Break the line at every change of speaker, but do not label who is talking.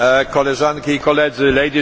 E, koleżanki i koledzy